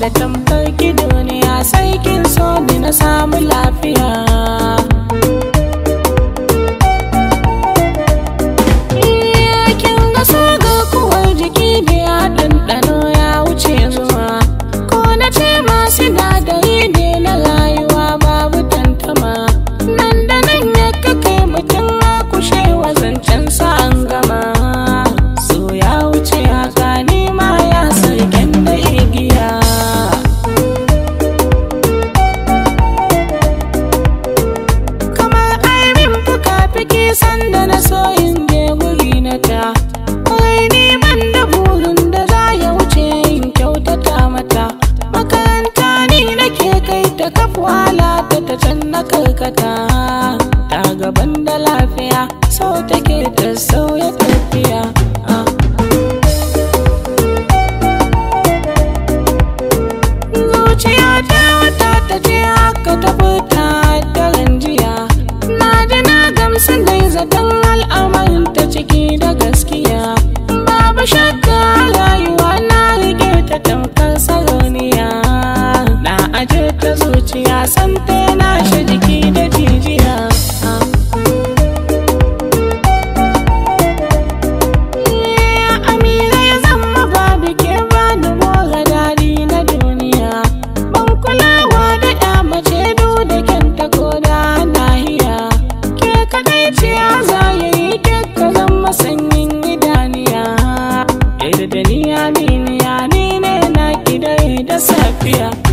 da tamfar ki duniya sai kin so na samu lafiya kin ga so ga kuwar jiki ya ɗanɗano ya wuce zuwa ko na ce ma sinadari sanda na so in je guri na ta wai ni da burin da za ya wuce in kyautata mata makaranta ni nake kai ta kafwala ta ta can na karkata ta gaban da lafiya so take ta sauya sa don al'amanta ciki da gaskiya babu shakka rayuwa na rike ta tamkar saroniya na aje ta zuciya san ta yana shi safiya